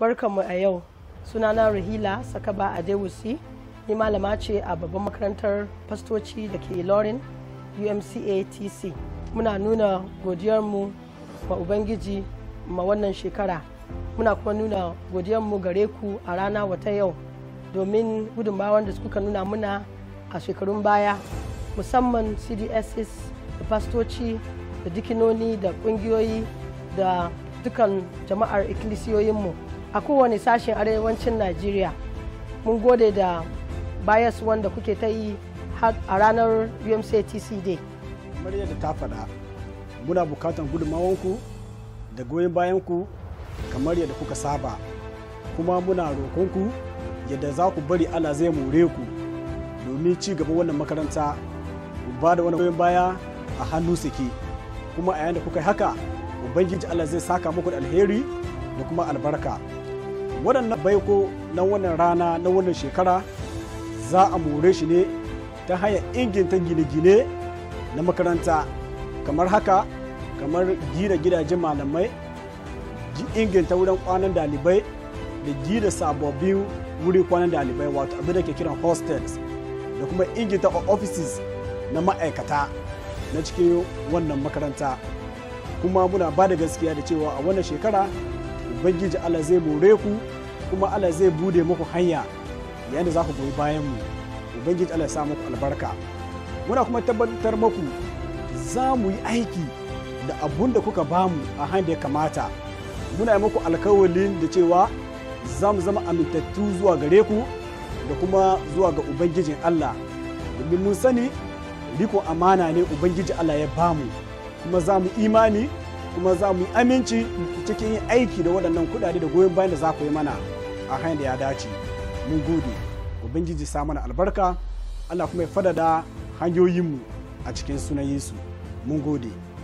barkanmu a yau sunana rahila sakaba a dewusi ni malama ce a babban makarantar fastoci da ke lorin umcatc muna nuna godiyarmu ma ubangiji ma wannan shekara muna kuma nuna godiyarmu gare ku a rana wata yau domin gudunmawar da suka nuna muna a shekarun baya musamman cdss da fastoci da dikinoni da kungiyoyi da dukan jama'ar ikkilisiyoyinmu a kowane sashen arewacin najeriya mun gode da bias wanda kuke ta yi a ranar umctc day kamar yadda ta faɗa muna bukatan gudunmawanku da goyon bayanku kamar yadda kuka saba kuma muna roƙonku yadda za ku bari ana zai more ku domin ci gaba wannan makaranta ku ba da wani goyon baya a hannu suke kuma a yayin da kuka yi haka ubangiji allah zai saka muku da alheri da kuma albarka waɗannan baiko na wannan rana na wannan shekara za a more shi ne ta hanyar inginta gine-gine na makaranta kamar haka kamar gina gidajen malamai inginta wurin kwanan dalibai da gina sababbin wuri kwanan dalibai wato abin da ke kiran hostels da kuma inganta offices na ma'aikata na cikin wannan makaranta kuma muna ba da gaskiya da cewa a wannan shekara ubangiji Allah zai more ku kuma Allah zai bude muku hanya yadda da za ku goyi bayan mu ubangiji Allah ya sa muku albarka muna kuma tabbatar muku za mu yi aiki da abun da kuka bamu a hanyar da ya kamata muna yi muku alkawalin da cewa za mu zama amintattu zuwa gare ku da kuma zuwa ga ubangijin Allah domin mun sani riko amana ne ubangiji Allah ya bamu kuma za mu imani kuma za mu yi aminci cikin yin aiki da waɗannan kuɗaɗe da goyon bayan da za ku yi mana a hanyar da ya dace mun gode ubangiji sa mana albarka allah kuma ya fadada hanyoyinmu a cikin sunan yesu mun gode